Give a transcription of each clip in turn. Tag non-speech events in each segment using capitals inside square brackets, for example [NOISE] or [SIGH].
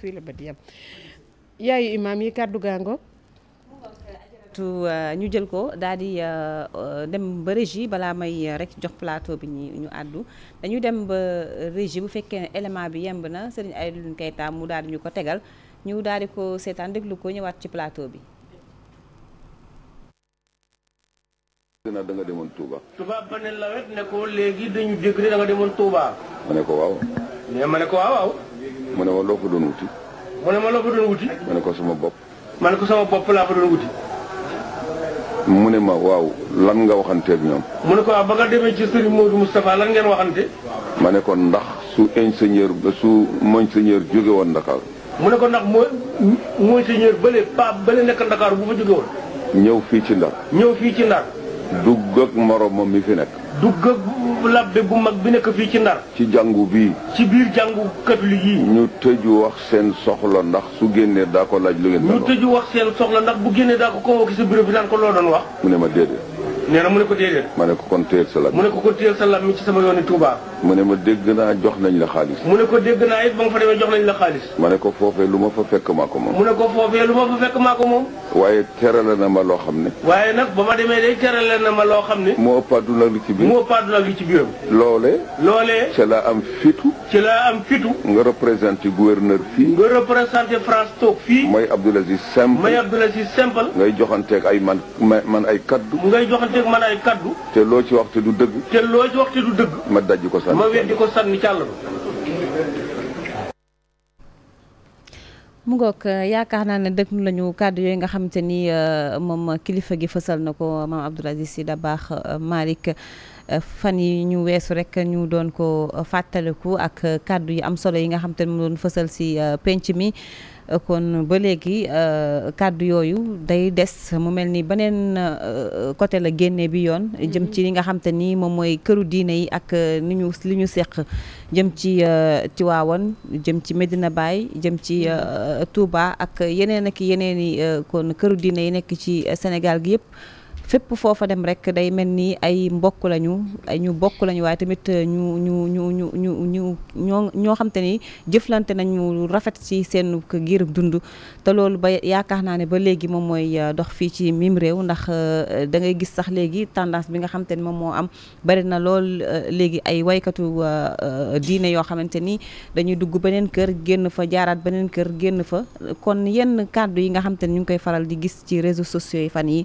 fii la bët yam yaayu imaam yi kàddu gaango euh, ñu jël ko daal di euh, euh, dem ba régie balaa may rek jox plateau bi ñu ñu àddu dañu dem ba régie bu fekkee ne bi yemb na Serigne Aïdou Keita mu daal ñu ko tegal ñu daal di ko seetaan déglu ko ñëwaat ci plateau bi. dina demoon Touba. tubaab ba ne lawet ne léegi dañu dégg ne da demoon Touba. ma ne ko waaw. mais ma ne ko waaw mu ne ma loo fa doon wuti. mu ne ma loo fa doon wuti. ma ne ko sama bopp. ma ne ko sama bopp laa fa doon wuti. mu ne ma waaw lan nga waxanteel ñoom. mu ne ko waaw ba nga demee ci sëriñ Modou Moustapha lan ngeen waxante. ma ne ko ndax su ingénieur ba su monseigneur jóge woon Dakar. mu ne ko ndax moo monseigneur bële pa bële nekk Dakar bu fa jóge woon. ñëw fii ci Ndar. ñëw fii ci Ndar. dugg ak moromam mi fi nekk. bopp labbe bu mag bi nekk fii ci ndar. ci jàngu bi ci biir jàngu catholique yi. ñu tëju wax seen soxla ndax su génnee daa ko laaj lu ngeen. ñu tëju wax seen soxla ndax bu génnee daa ko convoqué sa bureau bi naan ko loo doon wax. mu ne ma déedéet. nee mu ne ko déedéet ma ne ko kon téyel sa lam mu ne ko kon téyel sa lam mi ci sama yooni Touba mu ne ma dégg naa jox nañ la xaalis mu ne ko dégg naa it ba nga fa demee jox nañ la xaalis ma ne ko foofee lu ma fa fekk maa moom mu ne ko na ma loo xam ne waaye nag ba ma demee day terale na ma loo xam ne moo ëpp àdduna ak li ci biir moo ëpp àdduna li ci biiram loolee loolee ci laa am fitu ci laa am fitu nga représenté gouverneur fii nga représenté France toog fii may Abdoul Aziz Simple may Abdoul Aziz Simple ngay joxanteeg ay man man ay kaddu ngay joxante wuuteeg mu ngoog yaakaar naa ne dëgg lañu kàddu yooyu nga xamante ni euh, moom kilifa gi fësal na ko maam Abdoul Aziz Sy Dabakh euh, Malick euh, fan yi ñu weesu rekk ñu doon ko fàttaliku ak kàddu yi am solo yi nga xamante ni mu doon fësal si pénc mi. kon ba léegi euh, kàddu yooyu day des mu mel ni beneen euh, côté la génne bi yoon mm-hmm. jëm ci li nga xam te ni moom mooy këru diine yi ak euh, ni ñu li ñu seq jëm ci Tiwaawan jëm ci Medina Baye jëm ci mm-hmm. Touba ak yeneen ak yeneen i kon këru diine yi nekk ci Sénégal gi yëpp fépp foofa dem rek day mel ni ay mbokk lañu ay ñu bokk lañu waaye tamit ñu ñu ñu ñu ñu ñu ñoo ñoo xam te ni jëflante nañu rafet ci seen giir dund te loolu ba yaakaar naa ne ba léegi moom mooy euh, dox fii ci mim réew ndax euh, da ngay gis sax léegi tendance bi nga xam te ni moom moo am bari na lool euh, léegi ay waykatu diine yoo xamante ni dañuy dugg beneen kër génn fa jaaraat beneen kër génn fa kon yenn kàddu yi nga xam te ni ñu ngi koy faral di gis ci réseau sociaux yi fan yi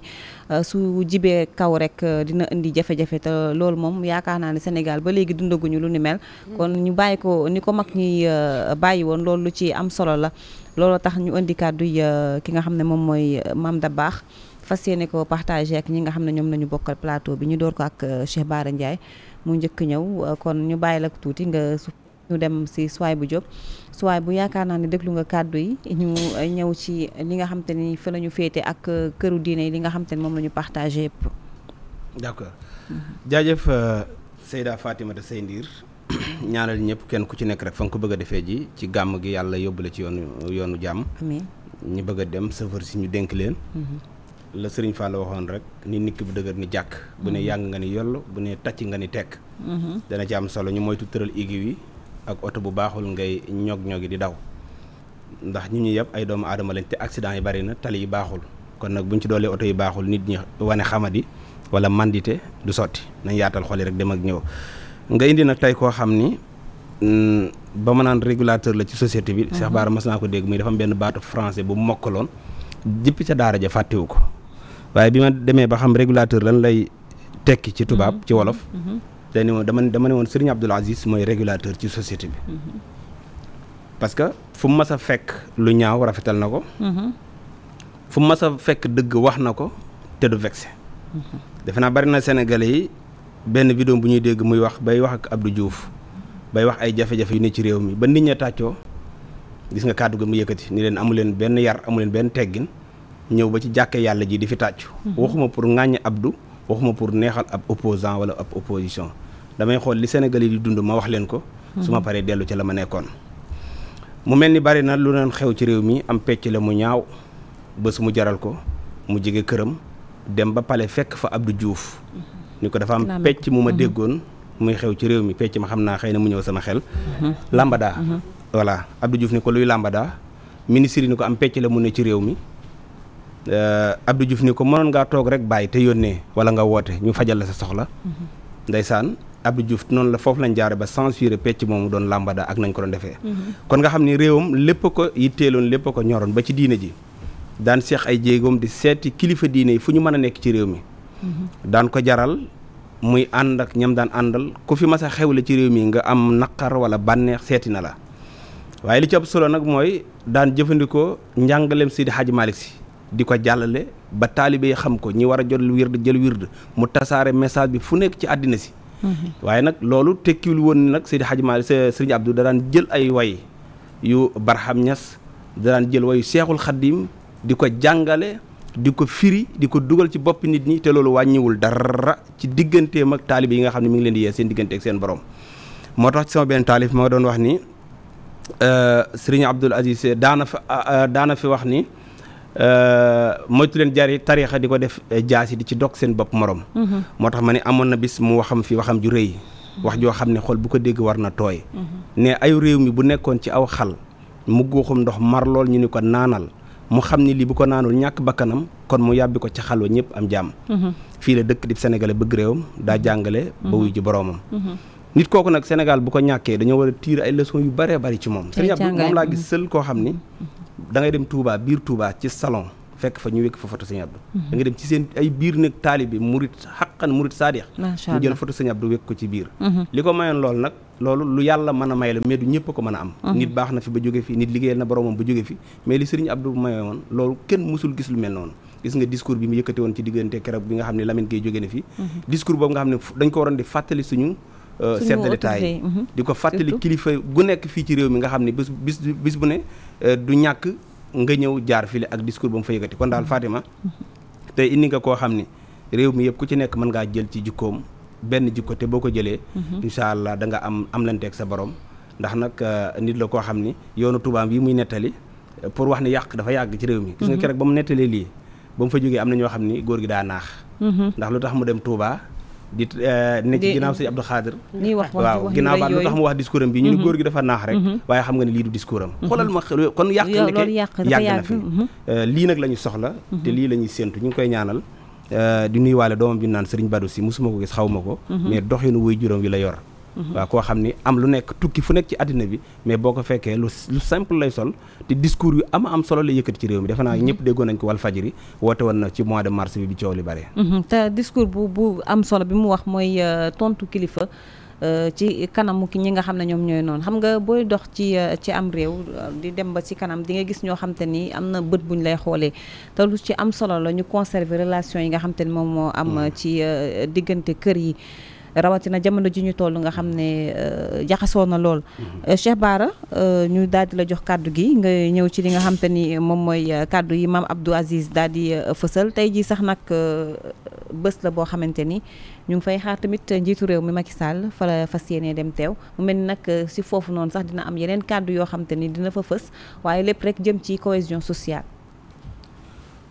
bu jibee kaw rek euh, dina indi jafe-jafe te loolu moom yaakaar naa ne Sénégal ba léegi dundaguñu lu ni mel kon ñu bàyyi ko ni ko mag ñuy euh, bàyyi woon loolu lu ci am solo la looloo tax ñu indi kàddu yi euh, ki nga xam ne moom mooy mam Mame baax fas yéene ko partage ak ñi nga xam ne ñoom nañu ñu bokkal plateau bi ñu door ko ak Cheikh Bara Ndiaye mu njëkk ñëw kon ñu bàyyi la tuuti nga ñu dem si Souaïbou Diop Souaïbou yaakaar naa ne déglu nga kàddu yi ñu euh, ñëw ci li nga xam te ni fa lañu ñu féete ak euh, këru diine yi li nga xam te ni moom lañu ñu partagé yëpp. d'accord mm-hmm. jaajëf euh, Seyda Fatimata Sey Ndir [COUGHS] ñaanal ñëpp kenn ku ci nekk rek fa nga ko bëgg a defee ji ci gàmm gi yàlla yóbbu la ci yoonu yoonu jàmm. amiin ñu bëgg dem safar si ñu dénk leen. Mm-hmm. la sëriñ Fall waxoon rek ni nikk bu dëgër ni jàkk bu ne mm-hmm. yàng nga ni yoll bu ne tàcc nga ni tekk. dana ci solo ñu moytu ak oto bu baaxul ngay ñog-ñogi di daw ndax ñu ñu yëpp ay doomu aadama lañ te accident yi bari na tali yi baaxul kon nag buñ ci doolee oto yi baaxul nit ñi wane xamadi wala mandité du sotti nañ yaatal xol yi rek dem ak ñëw nga indi nag tey koo xam ni mm, ba ma naan régulateur la ci société bi Cheikh Bara mas naa ko dégg muy dafa benn baatu français bu mokkaloon jëpp ca daara ja fàttewu ko waaye bi ma demee ba xam régulateur lan lay tekki ci tubaab mm-hmm. ci wolof mm-hmm. day ne woon dama dama ne woon Serigne Abdoul Aziz mooy régulateur ci société bi. Mhm. parce que fu mu mas fekk lu ñaaw rafetal na ko. Mhm. fu mu mas fekk dëgg wax na ko te du vexé. Mhm. defe naa bari na Sénégalais yi benn vidéo bu ñuy dégg muy wax bay wax ak Abdou Diouf bay wax ay jafe-jafe yu ne ci réew mi ba nit ña tàccoo gis nga kàddu ga mu yëkkati ni leen amu leen benn yar amu benn teggin ñëw ba ci jàkkee yàlla ji di fi tàccu. waxuma pour ŋàññ Abdou waxuma pour neexal ab opposant wala ab opposition. damay xool li Sénégal yi dund ma wax leen ko. su ma paree dellu ci la ma nekkoon. mu mel ni bari na lu doon xew ci réew mi am pecc la mu ñaaw ba su mu jaral ko mu jege këram dem ba pale fekk fa abdu juuf ni ko dafa am pecc mu ma mhm. déggoon muy xew ci réew mi pecc ma xam naa xëy na mu ñëw sama xel. Mhm. lambada. Mhm. voilà Abdou Diouf ni ko luy lambada ministre yi ni ko am pecc la mu ne ci réew mi. Euh, Abdou Diouf ni ko mënoon ngaa toog rek bàyyi te yónnee wala nga woote ñu fajal la sa soxla. Abdou Diouf noonu la foofu lañ jaare ba censuré pecc moomu doon làmbada ak nañ ko doon defee mhm. kon nga xam ni réewam lépp a ko yitteeloon lépp a ko ñoroon ba ci diine ji daan seex ay jéegoom di seeti kilifa diine yi fu ñu mën a nekk ci réew mi mhm. daan ko jaral muy ànd ak ñam daan àndal ku fi mas a la ci réew mi nga am naqar wala bànneex seeti na la waaye li ci am solo nag mooy daan jëfandikoo njàngaleem Seydi Hadji Malick si di ko jàllale ba taalibe yi a jot wird jël wird mu tasaare message bi fu si waaye nag loolu tekkiwul woon nag Seydi Hadji Malick Serigne Abdou daan jël ay way yu Barham Niass daan jël wayu Seexul Xaddim di ko jàngale di ko firi di ko dugal ci bopp nit ñi te loolu wàññiwul dara ci digganteem ak taalib yi nga xam ne mu ngi leen di yee seen diggante ak seen borom moo tax ci sama benn taalif moo doon wax ni euh, Serigne Abdoul Aziz daana fa euh, daana fi wax ni Euh, moytu leen jari tariixa di ko def eh, jaasi di ci dog seen bopp morom. Mhm. moo tax ma ne amoon na bis mu waxam fi waxam ju rëy. wax joo xam ne xol bu ko dégg war na tooy. Mhm. ne ay réew mi bu nekkoon ci aw xal mu góoxum ndox mar ñu ni ko naanal mu xam ni lii bu ko naanul ñàkk bakkanam kon mu yàbbi ko ci xal wa ñëpp am jàmm. Mhm. fii la dëkk di Sénégalais bëgg réewam daa jàngale. ba wuy ji boroomam. nit kooku nag Sénégal bu ko ñàkkee dañoo war a tiir ay leçons yu bëree bëri ci moom. sëñ Abdou moom da dem Touba biir Touba ci salon fekk fa ñu wekk fa photo Sëñ Abdou mm-hmm. da ngay dem ci seen ay biir nag taalibe murit xaqan murit saadix mu jël photo Sëñ Abdou wekk ko ci biir mm-hmm. li ko mayoon loolu nag loolu lu yàlla mën a may la ko mën a am mm-hmm. nit baax na fi ba jóge fi nit liggéeyal na boromam ba jóge fi mais li Sëriñ Abdou mayoon loolu kenn musul gis lu mel noonu gis nga discours bi mu yëkkati woon ci diggante keroog bi nga xam ne Lamine Gueye Euh, chef de l'État yi mhm. di ko fàttali kilifa gu nekk fii ci réew mi nga xam ni bis bis bis bu ne euh, du ñàkk nga ñëw jaar file ak discours ba mu fa yëkkati kon daal mhm. Fatima mhm. te indi nga koo xam ni réew mi yëpp ku ci nekk mën ngaa jël ci jikkoom benn jikko te boo ko jëlee incha allah da nga am am lanteeg sa borom ndax nag euh, nit la koo xam ni yoonu tubaab yi muy nettali pour wax ne yàq dafa yàgg ci réew mi gis nga keroog ba mu nettalee lii ba mu fa jógee am na ñoo xam ni góor gi daa naax di eh, nekk ginnaaw sëñ Abdou Khadir waaw ginnaaw ba lu tax mu wax discours am bi ñu ni mhm. góor gi dafa naax rek mhm. waaye xam nga ne lii du discours am mhm. xoolal ma kon yàq ndeke yàgg na fi eh, lii nag la soxla te lii la ñuy séentu ñu ngi koy ñaanal eh, di nuyuwaale doomam bi naan Serigne Badou si mosuma ko gis xaw ko mais doxinu wuy juróom wi la yor waaw koo xam ni am lu nekk tukki fu nekk ci àddina bi mais boo ko fekkee lu lu simple lay sol te discours yu am am solo lay yëkkati ci réew mi defe naa ñëpp déggoon nañ ko wal fajiri woote woon na ci mois de mars bi bi coow li bare mhm, te discours bu am solo bi mu wax mooy euh, tontu kilifa euh, ci kanamu ñi nga xam ne ñoom ñooy noonu xam nga booy dox ci euh, ci am réew di dem ba ci kanam di nga gis ñoo xam ni am na bët bu buñ lay xoolee te lu ci am solo la ñu conserver relation yi nga xam te ni moom moo am mm. ci diggante kër yi rawatina jamono ji ñu toll nga xam ne euh, jaxasoo na lool. Mm-hmm. Euh, Cheikh Bara euh, ñu daal di la jox kàddu gi nga ñëw ci li nga xam ni moom mooy kàddu yi maam Abdou Aziz daal di fësal tey jii sax nag bës la boo xamante ni ñu ngi fay xaar tamit njiitu réew mi Macky Sall fa la fas yéenee dem teew mu mel ni nag si foofu noonu sax dina am yeneen kàddu yoo xam ni dina fa fës waaye lépp rek jëm ci cohésion sociale.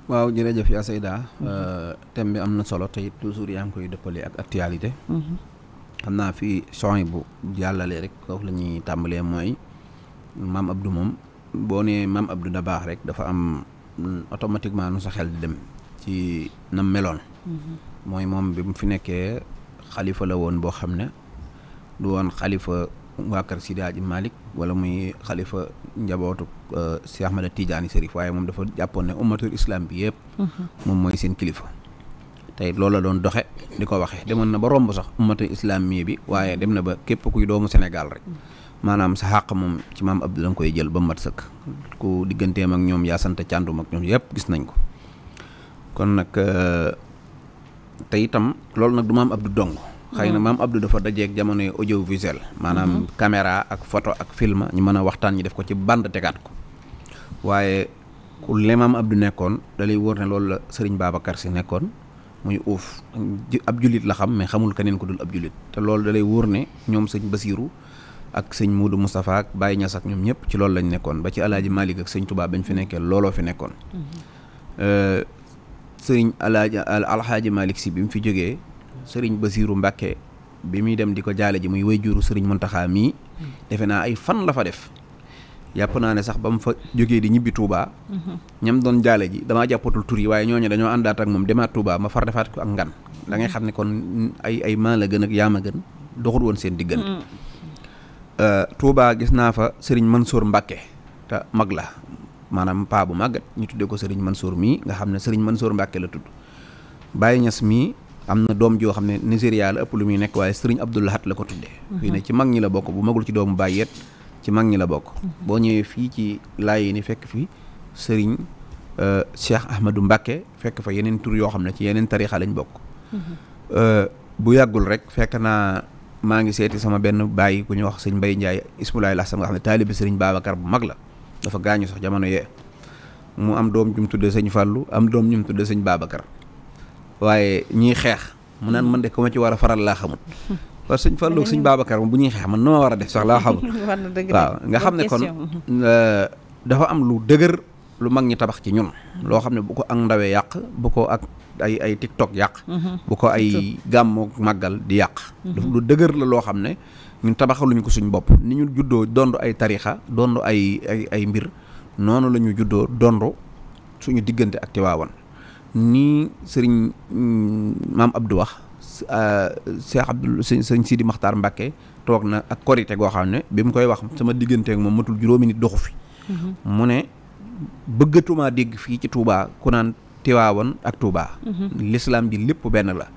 waaw jërëjëf yaa Seyda euh, thème bi am na solo tey it toujours yaa ngi koy dëppale ak actualité. Mm-hmm. xam naa fi son bu jàllalee rek foofu la ñuy tàmbalee mooy maam Abdou moom boo nee maam Abdou da baax rek dafa am mm, automatiquement nu sa xel di dem ci na meloon. Mm-hmm. mooy moom bi mu fi nekkee xalifa la woon boo xam ne du woon xalifa. waa kër Sidi Hadji Malick wala muy xalifa njabootu euh, Cheikh Ahmada Tidiane Serif waaye moom dafa jàppoon ne ummatul islam bi yëpp. Mhm. moom mooy seen kilifa. tey loolu la doon doxe di ko waxee demoon na ba romb sax ummatul mii bi waaye dem na ba képp kuy doomu Sénégal rek. maanaam sa xàq moom ci maam Abdou la koy jël ba mu mat sëkk. ku digganteem ak ñoom yaa sant càndum ak ñoom yëpp gis nañ ko. kon nag euh, te itam loolu nag du maam Abdou dong. xëy na mm. maam Abdou dafa dajeeg jamonoy audiovisuel maanaam mm-hmm. caméra ak foto ak film ñu mën a waxtaan ñi def ko ci band tegaat ko waaye ku le maam Abdou nekkoon dalay lay wóor ne loolu la sëriñ Babacar si nekkoon muy uuf ab jullit la xam mais xamul keneen ko dul ab jullit te loolu da lay wóor ne ñoom sëñ Basiiru ak sëñ Muudu Moustapha ak Baye Niass ak ñoom ñëpp ci loolu lañ nekkoon ba ci alaaji Malick ak sëñ Touba bañ fi nekkee looloo fi nekkoon mm-hmm. euh, sëriñ alaaji alxaaji mu fi jógee sëriñ siiru Mbàkke bi muy dem di ko jaale ji muy wayjuru sëriñ Muntaxa mii defe naa ay fan la fa def yàpp naa ne sax ba mu fa jógee di ñibbi Touba. ñam doon jaale ji damaa jàppatul tur yi waaye ñoo ñooñu dañoo àndaat ak moom demaat Touba ma far defaat ko ak ngan da xam ne kon ay ay maa la gën ak yaa ma gën doxul woon seen diggante. Mm. Euh, Touba gis naa fa sëriñ Mansour Mbàkke te mag la maanaam paa bu màggat ñu tuddee ko sëriñ Mansour mii nga xam ne sëriñ Mansour Mbàkke la tudd Baye mii. am na doom joo xam ne Nigéria la ëpp lu muy nekk waaye sëriñ Abdoul Ahad la ko tuddee. Mhm. fii ne ci mag ñi la bokk bu magul ci doomu bàyyeet ci mag ñi la bokk. Mhm. boo ñëwee fii ci laay yi ni fekk fi Serigne euh, Cheikh Ahmadou Mbacke fekk fa yeneen tur yoo xam ne ci yeneen tarixa lañ bokk. Mhm. Euh, bu yàggul rek fekk naa maa ngi seeti sama benn bàyyi ku ñuy wax sëñ Mbaye Ndiaye ismulaay la sama nga xam ne taalibi sëriñ Babacar bu mag la dafa gaañu sax jamono yee mu am doom ju mu tuddee sëñ am doom ju mu tuddee sëñ waaye ñuy xeex mu naan mën de ko ma ci war a faral laa xamut waaw [LAUGHS] sëñ Fallou sëñ Babacar bu ñuy xeex man nu ma war a def sax laa xamut [LAUGHS] waaw nga xam ne kon euh, dafa am lu dëgër lu mag ñi tabax ci ñun mm-hmm. loo xam ne bu ko ak ndawee yàq bu ko ak ay ay tiktok yàq mm-hmm. bu ko ay gàmmook màggal di yàq mm-hmm. lu dëgër la loo xam ne ñu ñun tabaxaluñu ko suñ bopp ni ñu juddoo dond ay tarixa dond ay ay mbir noonu la ñu juddoo dond suñu diggante ak Tiwaawan nii sëriñ mm, maam Abdou wax euh, Cheikh Abdou sëriñ Sidi Makhtar Mbacke toog na ak korite goo xam ne bi mu koy wax sama digganteeg moom matul juróomi nit doxu fi. Mhm. mu ne bëggatumaa dégg fii ci Touba ku naan Tiwaawan ak Touba. Mhm. l'islam bi lépp benn la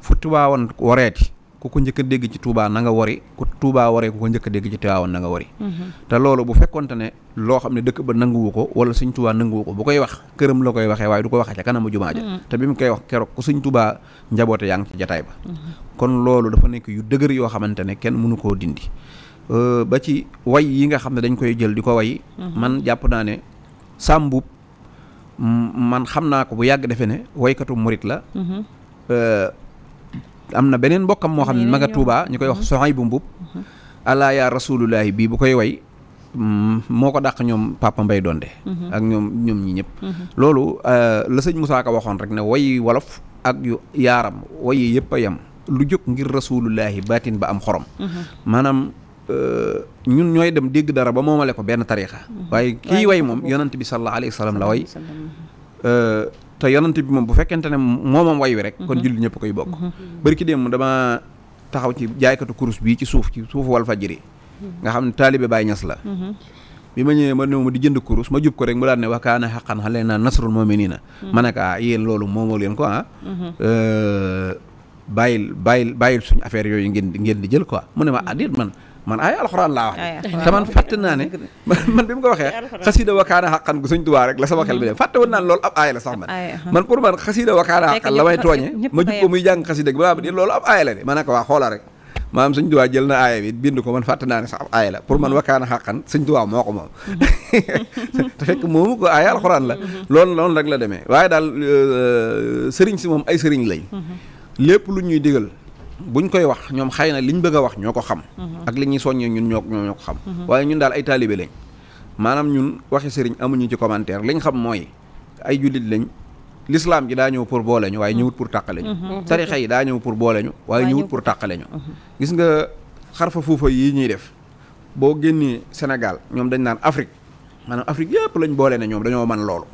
fu Tiwaawan wareeti ku ko njëkk a dégg ci Touba na nga wari ku Touba waree ku ko njëkk a dégg ci Tiwaawan na nga wari mhm. te loolu bu fekkonte ne loo xam ne dëkk ba nanguwu ko wala Sëñ Touba nanguwu ko bu koy wax këram la koy waxee waaye du ko waxee ca kanamu ja mhm. te bi mu koy wax keroog ku Sëñ Touba njaboote yaa ngi ci jataay ba mhm. kon loolu dafa nekk yu dëgër yoo xamante ne kenn mënu koo dindi ba ci way yi nga xam ne dañ koy jël di ko way man jàpp naa ne sàmbub man xam naa ko bu yàgg defe ne waykatu murit la am na beneen mbokkam moo xam ne ma nga ñu koy wax mhm. soxay bu mbub mhm. alaa yaa rasulullahi bii bu koy way mm, moo ko dàq ñoom papa mbay donde mhm. ak ñoom ñoom ñi loolu euh, la sëñ Moussa Ka waxoon rek ne way wolof ak yu yaaram wayi yëpp a yem lu jóg ngir rasulullahi baatin ba am xorom maanaam euh, ñun ñooy dem dégg dara ba moomale ko benn tariixa waaye kii way moom yonent bi sallallahu alayhi la way te yonent bi moom bu fekkente ne moomam way wi rek kon mhm. julli ñëpp koy bokk mhm. bari ki dem dama taxaw ci jaaykatu kurus bii ci suuf ci suufu Walfadjri mhm. nga xam ne taalibe Baay Ñas la bi ma ñëwee ma ne ma di jënd kurus ma jub ko rek mu daal ne wax kaana xaqan alaynaa nasrul mu'miniina ma ne ko ah yéen loolu moomoo leen ko ah euh, bàyyil bàyyil bàyyil suñu affaire yooyu ngeen ngeen di jël quoi mu ne ma ah déet man man ay alxuraan laa wax te man fàtte naa ne man bi mu ko waxee xasiida wakaana xaqan gu sëñ Tuubaa rek la sama xel bi dem fàtte woon naan loolu ab aaya la sax man man pour man xasiida wakaana xaqan la may tooñe ma jub ko ma di loolu ab aaya la de ma ne ko waa xoola rek maanaam sëñ jël na aaya bi bind ko man fàtte naa ne sax ab aaya la pour man wakaana xaqan sëñ Tuubaa moo ko moom [LAUGHS] te fekk moomu ko aaya alxuraan la loolu loolu rek la demee waaye daal euh, sëriñ si moom ay sëriñ lañ mhm. lépp lu ñuy digal buñ koy wax ñoom xëy na liñ bëgg a wax ñoo ko xam. Mhm. ak li ñuy soññee ñun ñoo ñoo ko xam. Mhm. waaye ñun daal ay taalibe lañ maanaam ñun waxi sëriñ amuñu ci commentaire liñ xam mooy ay jullit lañ. lislaam ji daa ñëw pour boole ñu waaye ñëwut pour tàqale ñu mhm. tarixa yi daa ñëw pour boole ñu waaye ñëwut pour tàqale ñu gis nga fa fuufa yi ñuy def boo génnee Sénégal ñoom dañ naan Afrique maanaam Afrique yëpp lañ boole ne ñoom dañoo man loolu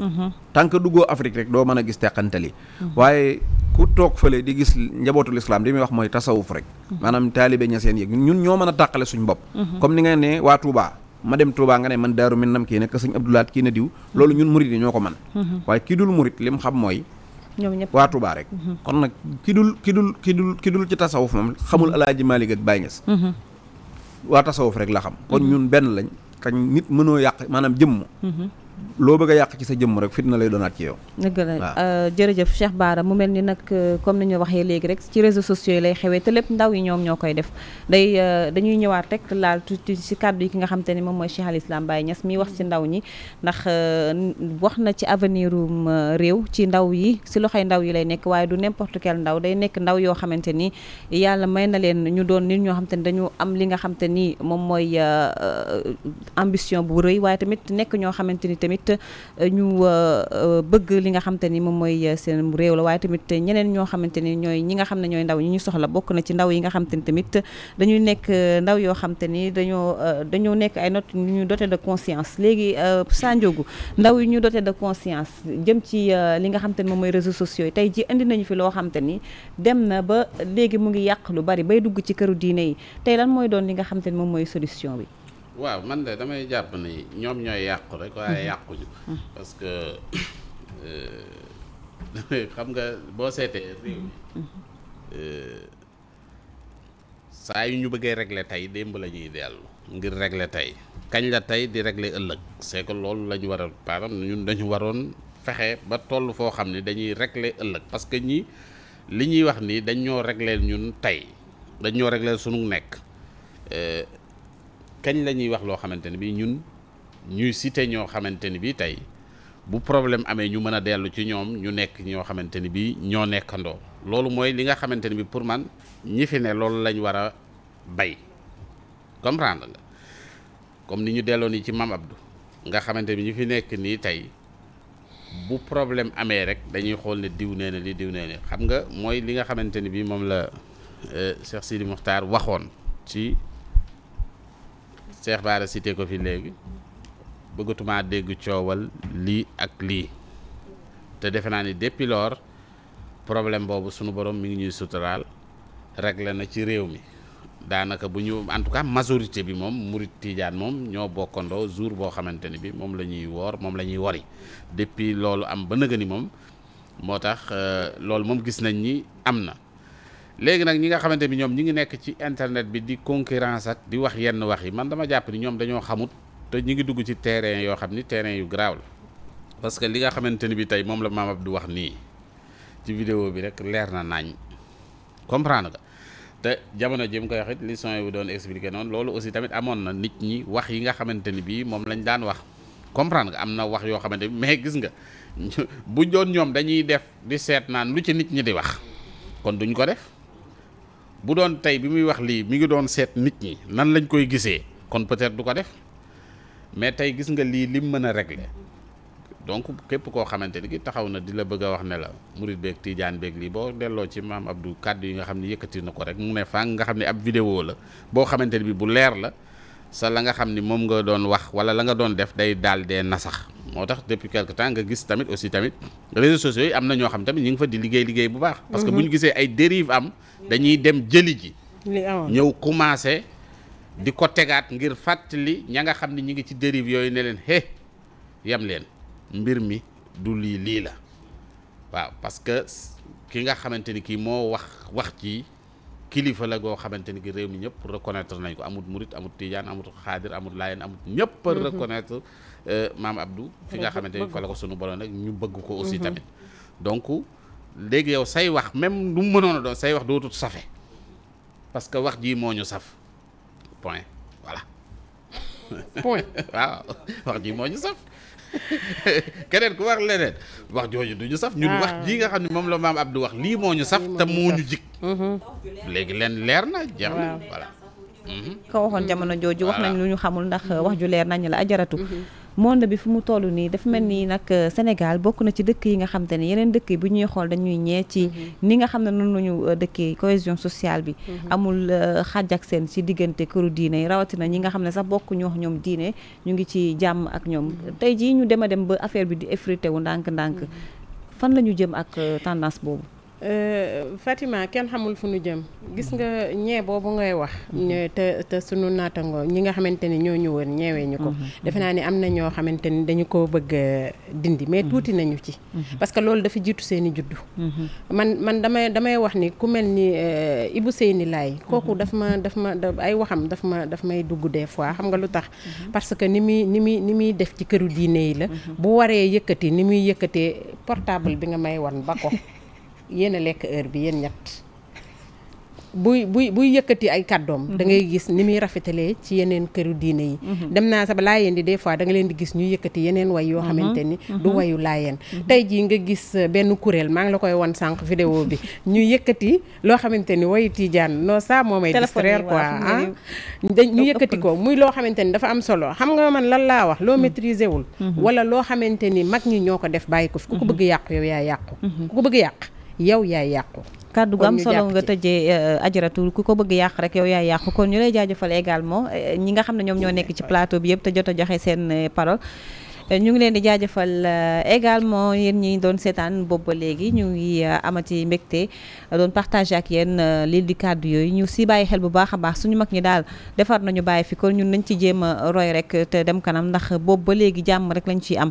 tant que duggoo Afrique rek doo mën a gis teqantal waaye ku toog fële di gis njabootul islam li muy wax mooy tasawuf rek maanaam taalibe ña seen yëg ñun ñoo mën a tàqale suñ bopp mhm. comme ni nga ne waa Touba ma dem Touba nga ne man daaru min nam kii ne sëñ Abdoulaat kii ne diw loolu ñun murit yi ñoo ko man mhm. waaye kii dul murit lim xam mooy ñoom ñëpp waa Touba rek mhm. kon nag ki dul ki dul ki dul ki dul ci tasawuf moom xamul alaaji Malick ak Baye Niass waa tasawuf rek la xam kon ñun benn lañ kañ nit mënoo yàq loo bëgg a yàq ci sa jëmm rek fitna lay doonaat ci yow. dëgg la euh, jërëjëf Cheikh Bara mu mel ni nag euh, comme ni ñu waxee léegi rek ci réseaux sociaux yi lay xewee te lépp ndaw yi ñoom ñoo koy def day euh, dañuy ñëwaat rek laal tuuti ci kàddu yi ki nga xam te ne moom mooy Cheikh Al Islam Baye Niass mi wax ci ndaw ñi ndax wax na ci avenir um réew ci ndaw yi ci loxoy ndaw yi lay nekk waaye du n'importe kel ndaw day nekk ndaw yoo xamante ni yàlla may na leen ñu doon nit ñoo xam ni dañu am li nga xam te ni moom mooy ambition bu tamit euh, ñu euh, euh, bëgg li nga xamante ni moom mooy seen réew la waaye tamit ñeneen ñoo xamante ni ñooy ñi nga xam ne ñooy ndaw ñi ñu soxla bokk na ci ndaw yi nga xamante ni tamit dañuy nekk ndaw yoo xamante ni dañoo dañoo nekk ay not ñu doté de conscience léegi Sandiogu ndaw yi ñu doté de conscience jëm ci li nga xamante ni moom mooy réseaux sociaux yi tey ji indi nañu fi loo xamante ni dem na ba léegi mu ngi yàq lu bari bay dugg ci këru diine yi tey lan mooy doon li nga xamante ni moom mooy solution bi waaw man de damay jàpp ni ñoom ñooy yàqu rek waaye mm-hmm. yàqu mm-hmm. parce que euh, [LAUGHS] xam nga boo seetee réew mi mm-hmm. euh, saa yu ñu bëggee regle tey démb la ñuy dellu ngir régler tey kañ la tey di regle ëllëg c'est que loolu la ñu war a ñun dañu waroon fexe ba toll foo xam ne dañuy regle ëllëg parce que ñi li ñuy wax nii dañ ñoo ñun tey dañ ñoo régler sunu nekk euh, kañ la ñuy wax loo xamante ne bi ñun ñuy site ñoo xamante ni bi tey bu problème amee ñu mën a dellu ci ñoom ñu nekk ñoo xamante ni bi ñoo nekkandoo loolu mooy li nga xamante ni bi pour man ñi fi ne loolu lañ war a bay comprendre nga comme ni ñu delloo ni ci Mame Abdou nga xamante bi ñu fi nekk nii tey bu problème amee rek dañuy xool ne diw nee na li diw nee na xam nga mooy li nga xamante ni bi moom la euh, Cheikh Sidi Mokhtar waxoon ci Cheikh Bara cité ko fi léegi bëggatuma dégg coowal lii ak lii te defe naa ni depuis lors problème boobu sunu borom mi ngi ñuy suturaal réglé na ci réew mi daanaka bu ñu en tout cas majorité bi moom murit tiijaan moom ñoo bokkandoo jour boo xamante ni bi moom la ñuy woor moom la ñuy wori depuis loolu am ba nëga moom moo tax euh, loolu moom gis nañ ni am na léegi nag ñi nga xamante ni ñoom ñi ngi nekk ci internet bi di concurrence ak di wax yenn wax yi man dama jàpp ni ñoom dañoo xamut te ñi ngi dugg ci terrain yoo xam ni terrain yu garaaw parce que li nga xamante ni bi tey moom la Mame Abdou wax nii ci vidéo bi rek leer na nañ comprendre nga te jamono ji koy wax it li doon expliqué noonu loolu aussi amoon na nit ñi wax yi nga xamante ni bii moom lañ daan wax comprendre nga am na wax yoo xamante ni mais gis nga [LAUGHS] bu doon ñoom dañuy def di seet naan lu ci nit ñi di wax kon duñ ko def bu doon tey bi muy wax lii mi ngi doon seet nit ñi nan lañ koy gisee kon peut-être du ko def mais tey gis nga lii li mu mën a régler donc képp koo xamante ni ki taxaw na di la bëgg a wax ne la murit beeg tijaan beeg lii boo delloo ci maam du kàddu yi nga xam ne yëkkati na ko rek mu ne fang nga xam ne ab vidéo la boo xamante ni bi bu leer la sa la nga xam ni moom nga doon wax wala la nga doon def day daal na sax moo tax depuis quelque temps nga gis tamit aussi tamit réseaux sociaux yi am na ñoo xam tamit ñu ngi fa di liggéey bu baax. parce que bu ñu gisee ay dérive am dañuy dem jëli ji. ñëw commencé di ko tegaat ngir fàttali ña nga xam ni ñu ngi ci dérive yooyu ne leen hé yem leen mbir mi du lii lii la waaw parce que ki nga xamante ni kii moo wax wax ci. kilifa la goo xamante ni gi réew mi ñëpp reconnaître nañ ko amul murit amul tijaan amul xaadir amul laayeen amul ñëpp a mhm. reconnaître euh, maam Abdou fi nga xamante ni fa la ko sunu borom rek ñu bëgg ko aussi mhm. tamit donc léegi yow say wax même lu mu mënoon a doon say wax dootul safe parce que wax jii moo ñu saf point waaw wax ji moo ñu saf keneen ku wax leneen wax jooju du ñu saf ñun ah. wax ji nga xam ne moom la maam Abdou wax lii moo ñu saf te moo ñu jik mm-hmm. léegi leen leer na jeex na voilà mm-hmm. waxoon jamono jooju wax nañ lu ñu xamul ndax wax ju leer nañ la ajaratu mm-hmm. monde bi fu mu toll nii dafa mel nii nag euh, Sénégal bokk na ci dëkk yi nga xam te ne yeneen dëkk yi bu ñuy xool dañuy ñee ci mm-hmm. ni nga xam ne noonu ñu euh, dëkkee cohésion sociale bi mm-hmm. amul euh, xaaj ak seen ci diggante këru diine yi rawatina ñi nga xam ne sax bokk ñoo ñoom diine ñu ngi ci jàmm ak ñoom mm-hmm. tey jii ñu dem a dem ba affaire bi di effrité wu ndànk-ndànk fan la ñu jëm ak tendance boobu Euh, Fatima kenn xamul fu nu jëm gis nga ñee boobu ngay wax mhm. te te sunu naatangoo ñi nga xamante ni ñoo ñu woon ñeewee ñu ko mhm. Mhm. defe naa ni am na ñoo xamante ni dañu ko bëgg dindi mais tuuti nañu ci parce que loolu dafa jiitu seeni juddu man man damay damay wax ni ku mel ni euh, Ibou Seyni Laay kooku daf ma daf ma ay waxam daf ma daf may dugg des fois xam nga lu tax parce que ni muy ni muy ni muy def ci këru diine yi la bu waree yëkkati ni muy yëkkatee portable bi nga may wan ba [LAUGHS] yéen lekk heure bi yéen ñett buy buy buy yëkkati ay kàddoom. Mhm. da ngay gis ni muy rafetalee ci yeneen këru diine yi. Mhm. dem naa sax ba laayeen di des fois da nga leen di gis ñu yëkkati yeneen way yoo mhm. xamante ni. du wayu laayeen. tey jii nga gis euh, benn kuréel maa ngi la koy wan sànq vidéo bi [LAUGHS] ñu yëkkati loo xamante ni wayu tijaan non ça moo may distraire quoi ah. ñu yëkkati ko muy loo xamante ni dafa am solo xam nga man lan laa wax loo maîtriser wul. wala loo xamante ni mag ñi ñoo ko def bàyyi ko fi. ku ko bëgg yàq yow yaa yàqu. ku ko bëgg yàq. yow yaay yàqu kàddu gu am solo nga tëjee euh, ajaratu ku ko bëgg yàq rek yow yaay yàqu kon ñu lay jaajëfal également euh, ñi nga xam ne ñoom ñoo nekk ci plateau bi yëpp te jot a joxe seen euh, parole ñu ngi leen di jaajëfal également yéen ñi doon seetaan boobu ba léegi ñu ngi amati mbégte doon partager ak yéen lii di kàddu yooyu ñu si bàyyi xel bu baax a baax suñu mag ñi daal defar na ñu bàyyi fi kon ñun nañ ci jéem a roy rek te dem kanam ndax boobu ba léegi jàmm rek lañ ciy am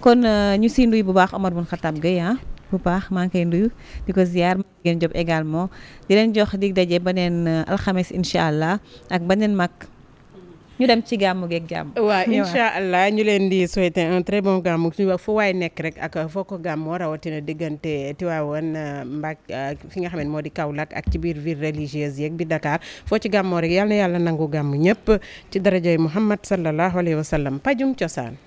kon ñu siy nuyu bu baax Omar bun Xataab Gueye ah bu baax maa ngi koy nuyu di ko ziar ngeen job également di leen jox dig daje beneen euh, alxames incha allah ak beneen mag. ñu dem ci gàmmu geeg jàmm. waaw incha allah ñu leen di souhaiter un très bon gàmmu suñu wax nekk rek ak foo ko gàmmoo rawatina diggante Tiwaawan euh, Mbaak euh, fi nga xam ne moo di Kaolack ak ci biir ville religieuse yeeg bi Dakar foo ci gàmmoo rek yàlla yàlla nangu gàmmu ñëpp ci darajay Muhammad sallallahu alayhi wa pajum cosaan.